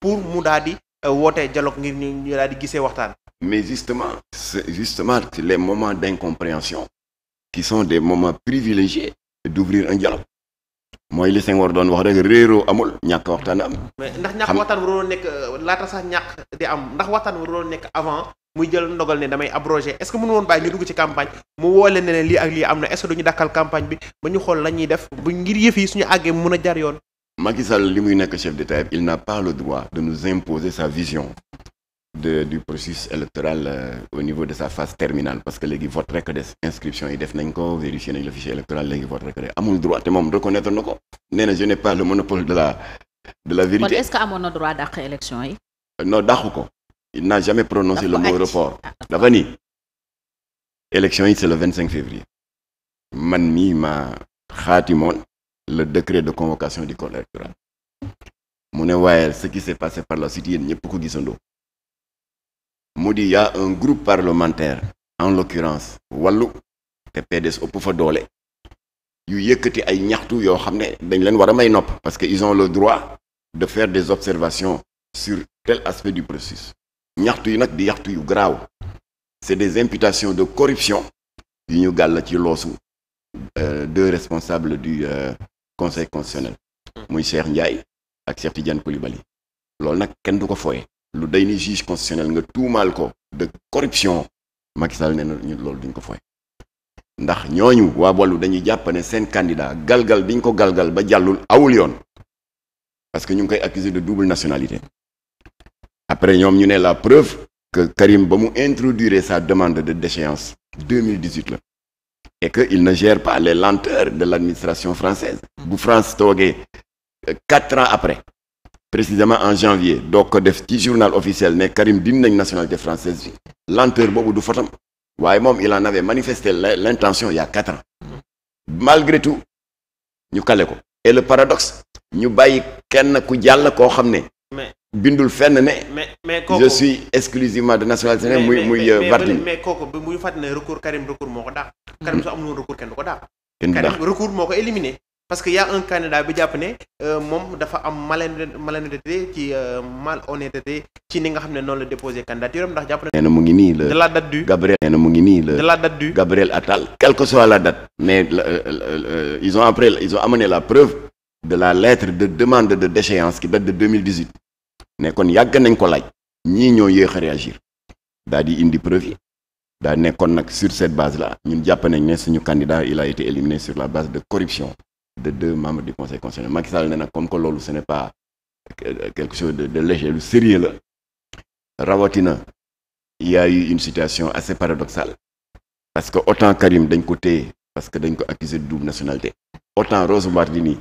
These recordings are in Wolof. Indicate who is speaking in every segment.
Speaker 1: pour mu daal di euh, woote dialogue ngir ñu ñu daal di gisee waxtaan.
Speaker 2: mais justement c'est justement les moments d'incompréhension qui son des moments privilégiés d'ouvrir un dialogue mooy li Senghor doon wax rek réeroo amul ñàkk waxtaan am.
Speaker 1: mais ndax ñàkk waxtaan waroon nekk laata sax ñàkk di am ndax waxtaan nekk avant muy jël ndogal ne damay abrogé est ce que ñu dugg ci campagne mu woole ne leen lii ak lii am na est ce que duñu dakkal campagne bi ba ñu xool la ñuy def bu ngir yëf yi suñu àggee mun a jar yoon.
Speaker 2: Macky li muy nekk chef d'État il n'a pas le droit de nous imposer sa vision du processus électoral euh, au niveau de sa phase terminale parce que léegi vote rek des inscription yi def nañ ko vérifier nañ le fichier électoral léegi vote rek des amul droit te moom reconnaître na ko nee na je n'ai pas le monopole de la de la vérité kon est euh, ko. il n'a jamais prononcé le mot report dafa ni élection yi c'est le vingt cinq février man mii ma xaatimoon le décret de convocation du corps mu ne waaye ce qui s'est passé par la suite yéen ñëpp ko gisandoo mu di y'a un groupe parlementaire en l'occurrence wàllu te PDS ëpp fa doole yu yëkkati ay ñaxtu yoo xam ne dañ leen war a may nopp parce que ils ont le droit de faire des observations sur tel aspect du processus ñaxtu yi nag di ñaxtu yu garaaw c'est des imputations de corruption yu ñu gàll ci loosu euh, deux responsables du euh, conseil constitutionnel. muy Cheikh Ndiaye ak Cheikh Tidiane Coulibaly. loolu nag kenn du ko fooye lu day ni juge constitutionnel nga tuumaal ko de corruption Macky Sall nee na ñun loolu duñ ko fooye ndax ñooñu waa Wallu dañuy jàpp ne seen candidat galgal biñ ko galgal ba jàllul awul yoon parce que ñu ngi koy accuser de double nationalité après ñoom ñu ne la preuve que Karim ba mu introduire sa demande de déchéance 2018 la et que il ne gère pas les lenteurs de l'administration française bu France toogee euh, quatre ans après précisément en janvier doo ko def ci journal officiel ne Karim din nationalité française bi lenteur boobu du fatam waaye moom il en avait manifesté l'intention il y a quatre ans malgré tout ñu kale ko et le paradoxe ñu bàyyi kenn ku jàll koo xam ne bindul fenn ne. mais mais kooku je suis exclusivement de nationalité muy muy Wardini mais euh, mais
Speaker 1: kooku bu ñu fàttali ne recours Karim recours Karim soo amul recours kenn ko dàq. kenn du dàq Karim recours moo ko éliminé. parce que y' a un candidat bi jàpp ne euh, moom dafa am euh, malhonnêteté malhonnêteté ci ci ni nga xam ne noonu la déposé candidature am ndax jàpp na. nee
Speaker 2: na mu ngi nii la de la date du Gabriel. nee na mu ngi nii la de la date du Gabriel Attal. quelle que soit la date. mais euh, ils ont après ils ont amené la preuve de la lettre de demande de déchéance qui date de 2018 mais kon yàgg nañ ko laaj ñii ñoo yéex a réagir daal di indi preuve daa nekkoon nag sur cette base la ñun jàpp nañ ne suñu candidat i la été éliminé sur la base de corruption de deux membres du conseil constitutionnel Macky Sall ne nag comme que loolu ce n'est pas quelque chose de de léger sérieux la rawatina il y a eu une situation assez paradoxale parce que autant Karim dañ ko téye parce que dañ ko accusé de double nationalité autant Rose nii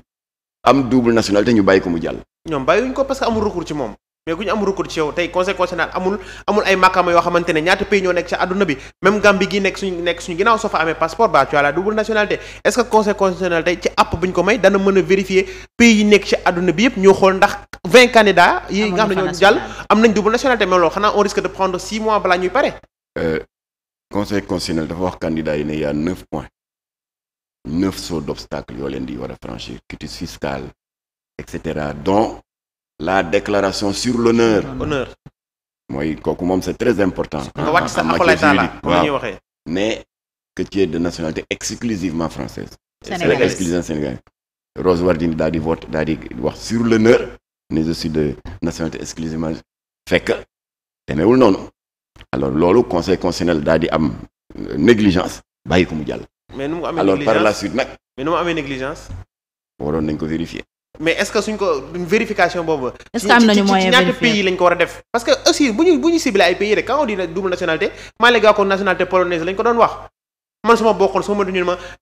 Speaker 2: am double nationalité ñu bàyyi ko mu jàll.
Speaker 1: ñoom bàyyiwuñ ko parce que amul recours ci moom. mais ku ñu am recours ci yow tey conseil constitutionnel amul amul ay màkkaama yoo xamante ne ñaata pays ñoo nekk ci àdduna bi même Gambie gi nekk suñu nekk suñu ginnaaw soo fa amee passeport ba tu as la double nationalité est-ce que conseil constitutionnel tey ci app bu ko may dana mën a vérifier pays yi nekk ci àdduna bi yëpp ñoo xool ndax vingt candidats yi nga xam ne jàll am nañ double nationalité même loolu xanaa on risque de prendre six mois balaa
Speaker 2: euh, dafa wax candidats y a neuf points neuf sauts leen di war a franchir quitus fiscal et cetera donc la déclaration sur l'honneur honneur mooy kooku moom c'est très important nga wàcc sa akolaay waxee mais que tu es de nationalité exclusivement française sénégalaise exclusivement sénégalaise Rose daal di vote daal di wax sur l'honneur ne je suis de nationalité exclusivement fekk demeewul noonu alors loolu conseil constitutionnel daal di am euh, négligence bàyyi ko mu jàll mais nu mu amee négligence alors par la suite nag
Speaker 1: mais nu mu amee négligence
Speaker 2: waroon nañ ko vérifier
Speaker 1: mais est-ce que suñ ko vérification boobu. est-ce que am nañu moyen vérifié lañ ko war a def. parce que aussi bu ñu bu ñu ciblé ay pays rek quand on dit double nationalité Malick Gakou nationalité polonaise lañ ko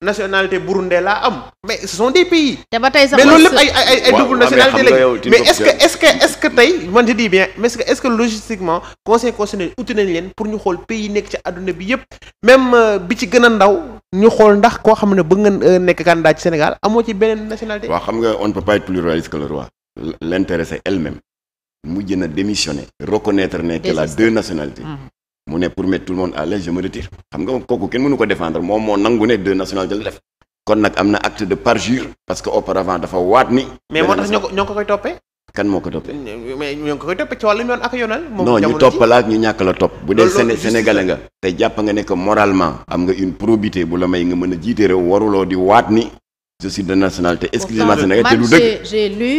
Speaker 1: nationalité burundais laa am mais ce sont des pays. te ba tey sax mais loolu lépp ay ay ay mais est-ce que est-ce que est-ce tey man je dis bien mais est logistiquement conseil constitutionnel uti nañ leen pour ñu xool pays yi nekk ci àdduna bi yépp même euh, bi ci gën a ndaw. ñu xool ndax koo xam ne bëgg nga euh, nekk candidat ci Sénégal amoo ci beneen nationalité. waaw xam
Speaker 2: nga on ne peut pas être plus royaliste que le roi. l'intéressé elle-même mujj na démissionner. reconnaître ne que deux nationalités. Mm-hmm. mu ne pour tout le monde à l'aise je me retire. xam nga kooku ko défendre moom moo nangu ne deux nationalités la def. kon nag am na acte de parjure. parce que auparavant dafa waat ni. mais moo tax ñoo
Speaker 1: ko ñoo ko koy toppee.
Speaker 2: kan moo ko toppee. Mm,
Speaker 1: mais ñu ngi koy toppee ci wàllu yoon ak yoonal. non ñu topp
Speaker 2: la ak ñu ñàkk la topp. bu dee Séné sénégalais nga. te jàpp nga ne moralement. am nga une probité bu la may nga mën jiite réew waruloo di waat ni. je suis de nationalité te du dëgg.
Speaker 1: j'ai lu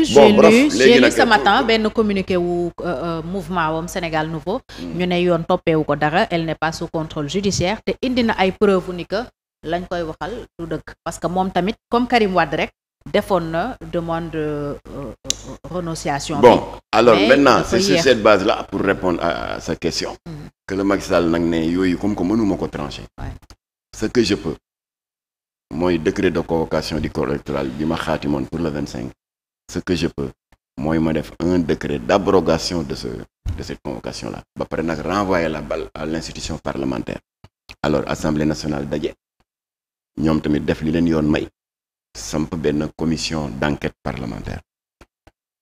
Speaker 1: Sénégal nouveau mm. ñu ne yoon toppeewu ko dara elle n'est pas sous contrôle judiciaire te indi na ay preuve ni que lañ koy waxal du dëgg parce que moom tamit comme Karim Wade rek defoon na demande de euh, renonciation. bon alors mais maintenant c'est sur cette
Speaker 2: base là pour répondre à sa question. Mm. que le Sall nag ne yooyu comme que mënuma ko trancher. ce que je mooy décret de convocation du corps électoral bi ma xaatimoon pour le vingt cinq. ce que mooy ma def un décret d'abrogation de de cette convocation la ba pare nag renvoyer la balle à l'institution parlementaire alors assemblée nationale daje ñoom tamit def li leen yoon may. samp benn commission d'enquête parlementaire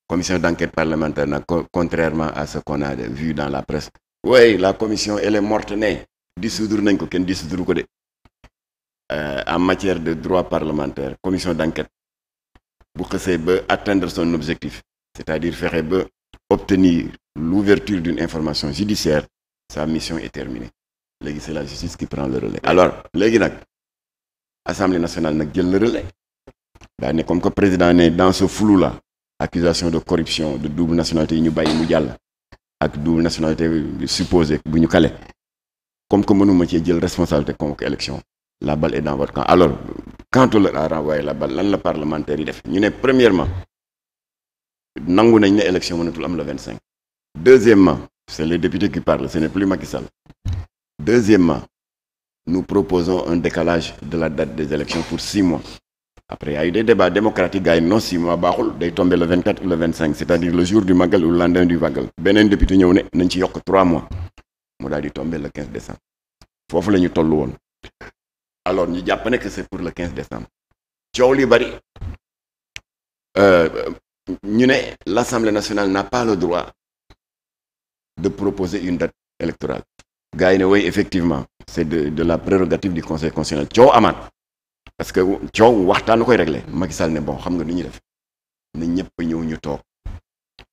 Speaker 2: commission d'enquête parlementaire nag contrairement à ce qu'on a vu dans la presse oui la commission elle est morte née dissoudre nañ ko kenn dissoudre ko de euh, en matière de droit parlementaire commission d'enquête bu xësee ba atteindre son objectif cest fexee dire fexe ba obtenir l'ouverture d'une information judiciaire sa mission est terminée léegi c'est la justice qui prend le relais alors léegi nag assemblée nationale nag jël daa ne comme que président ne dans ce flou là accusation de corruption de double nationalité yi ñu bàyyi mu jàll ak double nationalité supposé bu ñu kale comme que mënuma cee jël responsabilité convoqué élection la balle est dans votre camp alors quand on leur a renvoyé la balle lan la parlementaire yi def ñu ne premièrement nangu nañ ne élection mënatul am le 25 deuxièmement c'est les députés qui parlent ce n'est plus Macky Sall deuxièmement nu proposons un décalage de la date des élections pour six après y a eu des débats démocratiques gars yi non six mois baaxul day tombé le 24 ou le 25 c'est-à-dire le jour du Magal ou le du Magal beneen député ñëw ne nañ ci yokk trois mois mu daal di tombé le 15 décembre foofu la ñu toll woon alors ñu jàpp ne que c'est pour le 15 décembre coow li bari euh, ñu ne l'Assemblée nationale n'a pas le droit de proposer une date électorale gars yi ne oui effectivement c'est de de la prérogative du Conseil constitutionnel coow amaat parce que coow waxtaan koy réglé Macky Sall ne bon xam nga nu ñuy def na ñëpp ñëw ñu toog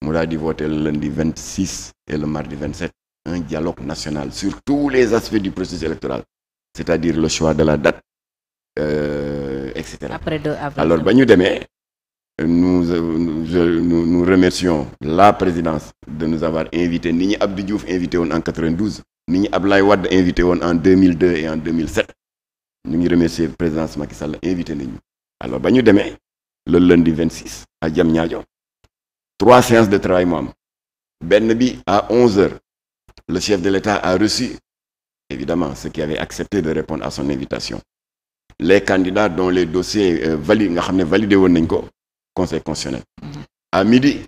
Speaker 2: mu daal di voté le lundi 26 et le mardi 27 un dialogue national sur tout les aspects du processus électoral c'est-à-dire le choix de la date euh, et cetera
Speaker 1: alors ba ñu demee
Speaker 2: nous nu nous, nous remercions la présidence de nous avoir invité ni ñu Abdou Diouf invité woon en 92 ni ñu Ablaye Wade invité woon en 2002 et en 2007 ñu ngi remercier présidence Macky Sall invité nañu alors ba ñu demee le lundi 26 à Diamniadio trois séances de travail moo am benn bi à onze heures le chef de l'État a reçu évidemment ceux qui avaient accepté de répondre à son invitation les candidats dont les dossiers euh, valides nga xam ne validé woon nañ ko conseil constitutionnel à midi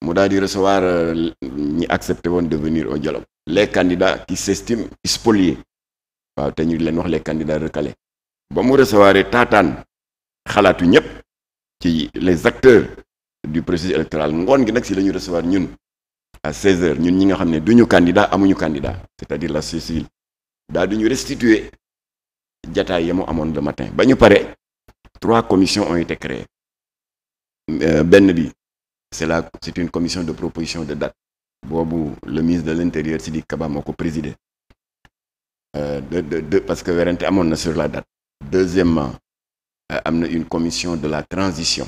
Speaker 2: mu daal di recevoir euh, ñi euh, accepté woon de venir au dialogue les candidats qui s'estiment spoliés waaw te ñu leen wax les candidats recalés ba mu recevoir taataan xalaatu ñëpp ci les acteurs du processus électoral ngoon gi nag si la ñu recevoir ñun à 16h ñun ñi nga xam ne duñu candidat amuñu candidat c'est-à-dire la société civile daal di ñu restituer jataay ya mu amoon le matin ba ñu pare trois commissions ont été créées euh, benn bi c'est la c'est une commission de proposition de date boobu le mise de l'intérieur Sidiki Kaba moo ko présider Euh, de de de parce que werante amoon na sur la date. deuxièmement euh, am na une commission de la transition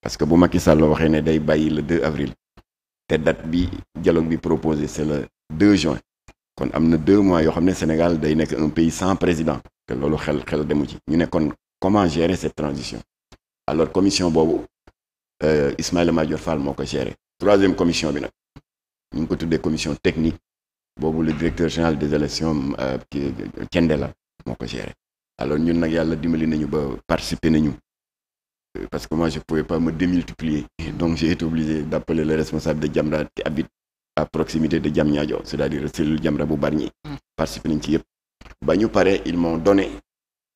Speaker 2: parce que bu Macky Sall waxee ne day bàyyi le 2 avril te date bi dialogue bi proposé c'est le 2 juin kon am na deux mois yoo xam ne Sénégal day nekk un pays sans président te loolu xel xel demu ci ñu ne kon comment gérer cette transition alors commission boobu euh, Ismaïla Madior Fall moo ko gérer troisième commission bi nag ñu ngi ko tuddee commission technique boobu le directeur général des élections euh, Thiendella la moo ko géré alors ñun nag yàlla dimbali nañu ba participer nañu euh, parce que moi je pouvais pas me démultiplier donc j'ai été obligé d'appeler le responsable de Jamra qui habite à proximité de ñaajo c'est-à-dire cellule Jamra bu Bargny hmm. participer nañu ci yëpp ba ñu pare ils m'ont donné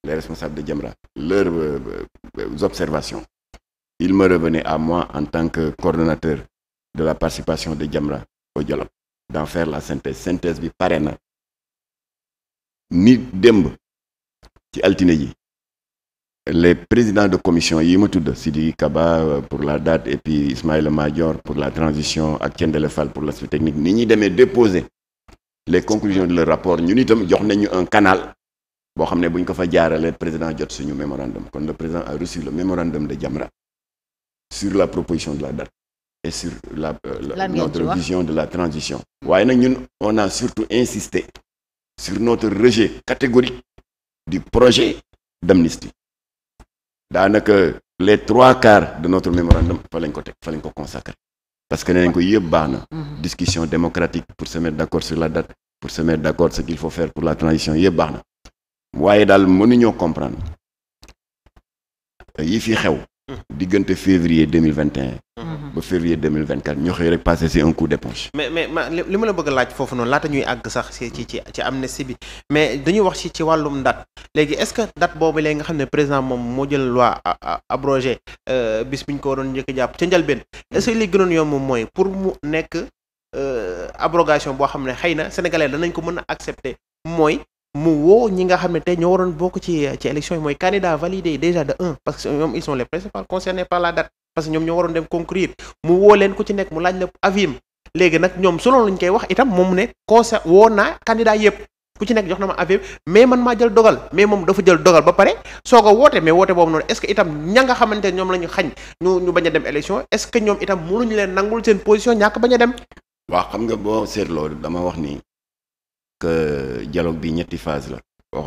Speaker 2: les responsables de Jamra leurs euh, euh observations il me revenait à moi en tant que coordonnateur de la participation de Jamra au dialogue d'en faire la synthèse synthèse bi pare na ni démb ci altine yi les présidents de commission yi ma tudd Sidi Kaba euh, pour la date et puis Ismaïla Madior pour la transition ak Thiendella Fall pour l'aspect technique ni ñuy demee déposé les conclusions de leur rapport ñun itam jox nañu un canal boo xam ne bu ñu ko fa jaarale président jot suñu mémorandum kon le président a reçu le mémorandum de Jamra sur la proposition de la date et sur la, euh, la notre vois. vision de la transition waaye nag ñun on a surtout insisté sur notre rejet catégorique du projet d'amnistie daanaka les trois quarts de notre mémorandum fa lañ ko teg fa lañ ko consacré parce que nee nañ ko yëpp baax na mhm. discussion démocratique pour se mettre d'accord sur la date pour se mettre d'accord ce qu'il faut faire pour la transition yëpp baax na waaye daal mënuñoo comprendre yi fi xew diggante février 2021. Mhm. ba février 2024 ñu xëy rek passé ci un coup d'éponge.
Speaker 1: mais mais ma li ma la bëgg a laaj foofu noonu laata ñuy àgg sax ci ci ci amnistie bi mais dañuy wax ci ci wàllum date léegi est-ce que date boobu léegi nga xam ne président moom moo jël loi abrogé euh, bis bi ñu ko waroon njëkk jàpp ca njëlbeen est-ce que li gënoon yoon moom mooy pour mu nekk euh, abrogation boo xam ne xëy na sénégalais danañ ko mën a accepter mooy mu woo ñi nga xam ne tey ñoo waroon bokk ci ci yi mooy candidat validé yi déjà de un parce que ñoom ils sont les principaux concernés par la date parce que ñoom ñoo waroon dem concourir mu woo leen ku ci nekk mu laaj la koy wax itam moom ne conseil woo naa candidat yëpp ku ci nekk jox na ma man maa jël dogal mais moom dafa jël dogal ba pare soog a woote mais woote boobu noonu est-ce que itam ña nga xamante ne ñoom la ñu xañ ñu ñu bañ a dem élection est-ce que ñoom itam mënuñu leen nangul seen position ñàkk bañ a dem.
Speaker 2: waaw xam nga boo wax ni que euh, dialogue bi ñetti phase la